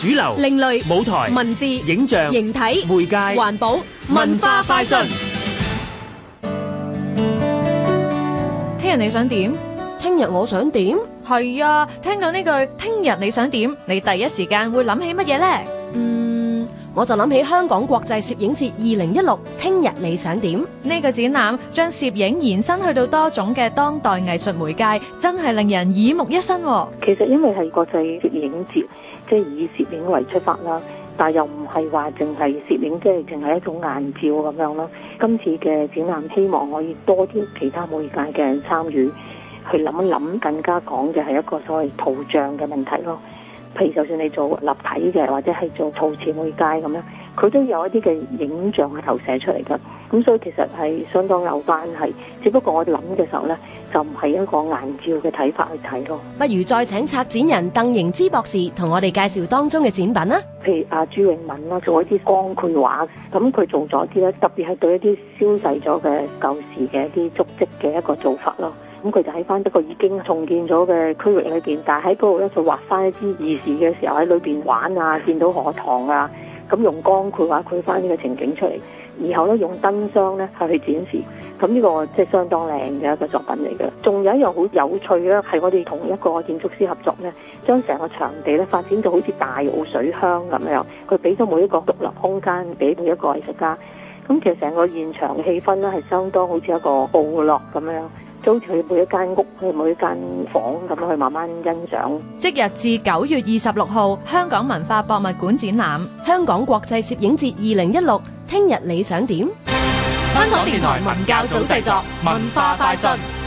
主流、另類舞台、文字、影像、形體、媒介、環保、文化快訊。聽日你想點？聽日我想點？係啊，聽到呢句聽日你想點，你第一時間會諗起乜嘢呢？嗯，我就諗起香港國際攝影節二零一六。聽日你想點？呢個展覽將攝影延伸去到多種嘅當代藝術媒介，真係令人耳目一新。其實因為係國際攝影節。即係以攝影為出發啦，但係又唔係話淨係攝影，即係淨係一種硬照咁樣咯。今次嘅展覽希望可以多啲其他媒介嘅人參與，去諗一諗更加講嘅係一個所謂圖像嘅問題咯。譬如就算你做立體嘅，或者係做陶瓷媒介咁樣，佢都有一啲嘅影像係投射出嚟㗎。咁、嗯、所以其實，係相當有關係。只不過，我哋諗嘅時候咧，就唔係一個硬照嘅睇法去睇咯。不如再請策展人鄧盈姿博士同我哋介紹當中嘅展品啦。譬如阿、啊、朱永敏啦，做一啲光繪畫，咁、嗯、佢做咗啲咧，特別係對一啲消逝咗嘅舊時嘅一啲足迹嘅一個做法咯。咁、嗯、佢就喺翻一個已經重建咗嘅區域裏邊，但係喺嗰度咧，就畫翻一啲兒時嘅時候喺裏邊玩啊，見到荷塘啊，咁、嗯、用光繪畫繪翻呢個情景出嚟。然後咧用燈箱咧去展示，咁呢個即係相當靚嘅一個作品嚟嘅。仲有一樣好有趣咧，係我哋同一個建築師合作咧，將成個場地咧發展到好似大澳水鄉咁樣。佢俾咗每一個獨立空間俾每一個藝術家。咁其實成個現場嘅氣氛咧係相當好似一個部落咁樣。租取每一間屋，去每間房咁去慢慢欣賞。即日至九月二十六號，香港文化博物館展覽《香港國際攝影節》二零一六，聽日你想點？香港電台文教組製作，文化快訊。